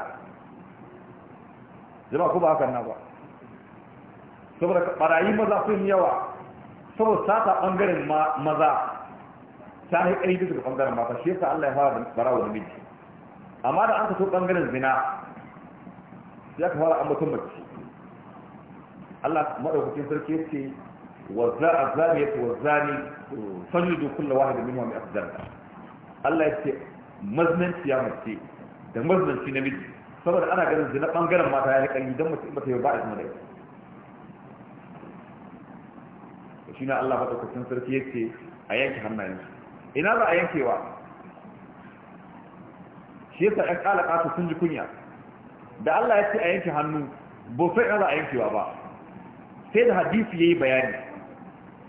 jama ku ba hakan na ba saboda ɓarayi maza sun yawa saboda sata ɓangaren maza ta yi ƙari daga bangaren mata shi yasa Allah ya fara bara wa namiji amma da an ka so ɓangaren zina ya ka fara ambaton mace Allah maɗaukakin sarki ya ce والزاني zani والزاني فجلدوا كل واحد منهم مئة جلدة الله يتي مزمن يا مكي ده مزمن في نمجي saboda ana ganin zina bangaren mata ya kai idan mutum ba ta yi ba isma da ita shi na Allah madaukakin sarki yake a yanke hannayensu. ina za a yankewa shi yasa ɗan ƙalaƙa sun ji kunya da Allah ya ce a yanke hannu sai ina za a yankewa ba sai da hadisi ya yi bayani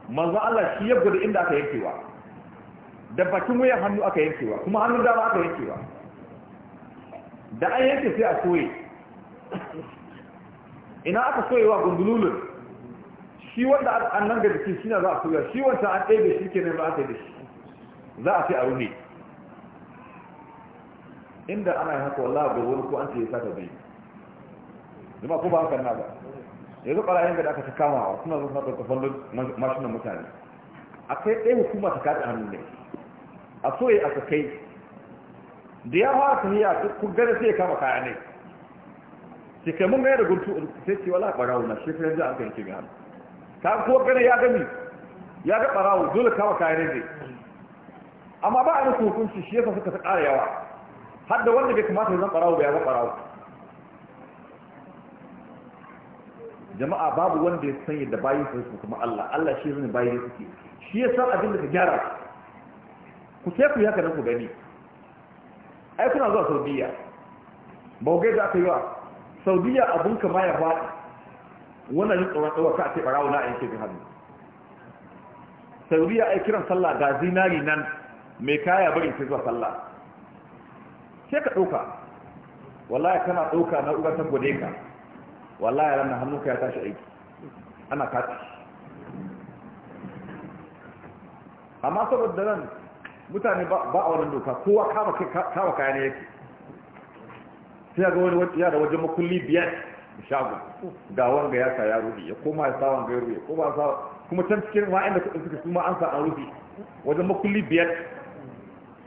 manzo Allah shi ya gudu inda aka yankewa da bakin wuyan hannu aka yankewa kuma hannun dama aka yankewa da an yanke sai a soye ina aka wa gundululun shi wanda an nan ga jiki shi na za a soya shi wanda an ɗaya da shi ke nan za a da shi za a fi a rune inda ana haka wallahi bai wani ko an ce ya saka bai zama ko ba haka na ba Ya yanzu ɓarayen da aka ta kama suna zuwa da fallon mashinan mutane a kai ɗaya hukuma ta kaɗa hannu ne a so ya aka kai da ya fara ta hiyar kun gane sai ya kama kaya ne sai kai mun gaya da gurtu sai ce wala ɓarawo na shekara yanzu an kai ke gani ta kuma gane ya gani ya ga ɓarawo dole kama kaya ne amma ba a nufin hukunci shi yasa suka ta ƙara yawa har da wanda bai kamata ya zan ɓarawo ba ya zan ɓarawo jama'a babu wanda ya sanya da bayin su su kuma Allah Allah shi zai su ke shi ya san abin da ka gyara ku sai ku yi haka nan ku gani ai kuna zuwa Saudiya ba ku gaida aka yi wa Saudiya abun kama ya ba wannan yin tsoron tsoron ka ce ɓarawo na a yanke bin hannu Saudiya ai kiran sallah ga zinari nan mai kaya bari sai zuwa sallah sai ka ɗauka wallahi kana ɗauka na ugar ta gode ka wallahi ranar hannunka ya tashi aiki ana kati amma saboda nan mutane ba a wannan doka kowa kama kaya ne yake sai ga wani ya da wajen makulli biyar shago ga wanga ya sa ya rufi ya koma ya sa wanga ya rubi ya koma kuma can cikin wa'anda kuɗin suka suma an sa an rufi wajen makulli biyar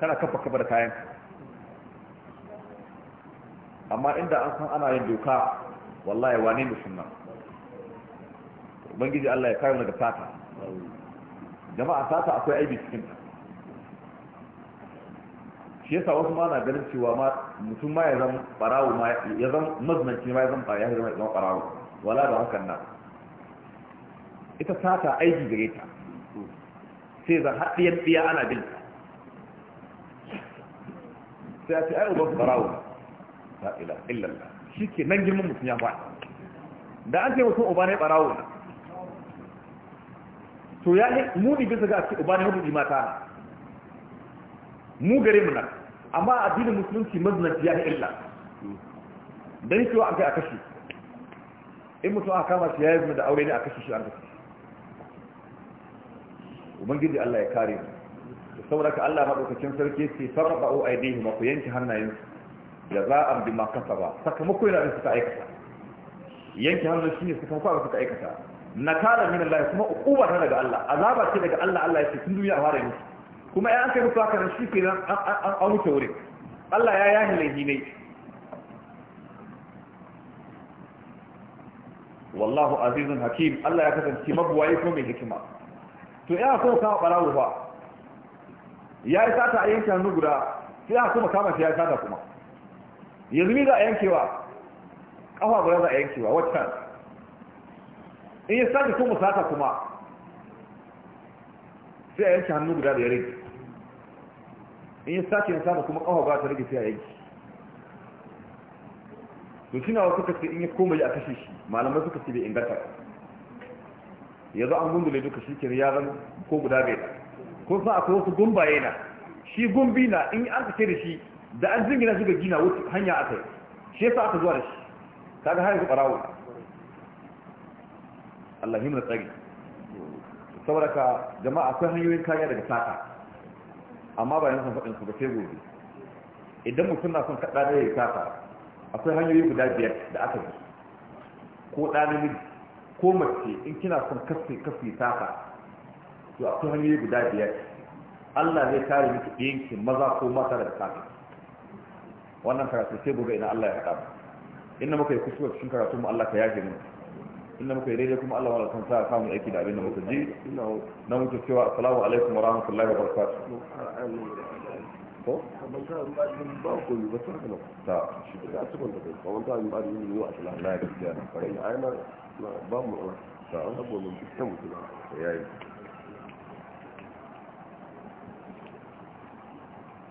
kana kafa kafa da kayan amma inda an san ana yin doka wallahi wane ne sunna ubangiji Allah ya kawo daga sata jama'a sata akwai aibi cikin ta shi yasa wasu ma na ganin cewa ma mutum ma ya zan barawo ma ya zan mazinanci ma ya zama ya zama barawo wala da hakan nan ita sata aiki gare ta sai zan haɗiyar tsiya ana bin ta sai a ce ai uban barawo la ilaha illallah ke nan girman mutum ya ba da an ce mutum uba ne barawo na to ya ne muni bisa ga ce uba ne hudu mata mu gare mu nan amma addinin musulunci mazinaci ya illa dan cewa an kai a kashi in mutum aka kama shi ya yi da aure ne a kashi shi an kashi ubangiji Allah ya kare mu saboda ka Allah madaukakin sarki ce sarrafa'u aidihim ku yanke hannayensu Da za a bi bima kasaba sakamako yana da suka aikata yanke hannun shine sakamako da suka aikata nakala min Allah kuma uquba ta daga Allah azaba ce daga Allah Allah ya ce tun duniya fara musu kuma ya an kai musu haka shi ke nan an wuce wurin Allah ya yahi laifi ne wallahu azizun hakim Allah ya kasance mabuwaye kuma mai hikima to ina so ka barawo fa ya yi sata a yanke hannu guda sai a kuma kama shi ya yi sata kuma yanzu ni za a yankewa kafa guda za a yankewa waccan in ya sata kuma sata kuma sai a yanke hannu guda da ya rage in ya sata yin sata kuma kafa guda ta rage sai a yanki to shi na wasu kace in ya komai a kashe shi malamai suka ce bai inganta yanzu an gundule duka shi ke yaran ko guda bai da ko sa akwai wasu gumbaye na shi gumbi na in an ka da shi da an zingina shi ga gina wuce hanya aka yi shi yasa aka zuwa da shi kaga har yanzu barawo Allah himma tsari saboda ka jama'a akwai hanyoyin kariya daga saka amma ba yanzu faɗin su ba sai gobe idan mutum na son kaɗa da ya akwai hanyoyi guda biyar da aka bi ko ɗa namiji ko mace in kina son kafe kafe sata to akwai hanyoyi guda biyar Allah zai kare miki ɗiyanki maza ko mata daga kafin wannan karatu sai gobe ina Allah ya haɗa inda muka yi kusurwa cikin karatu mu Allah ka yaje mu inda muka yi daidai kuma Allah wala kan sa samu aiki da abin da muka ji na muke cewa assalamu alaikum wa rahmatullahi wa barakatuh ko ta ba din ba ko ba ta shi da da kai ta ba din wa assalamu ba ta mun yayi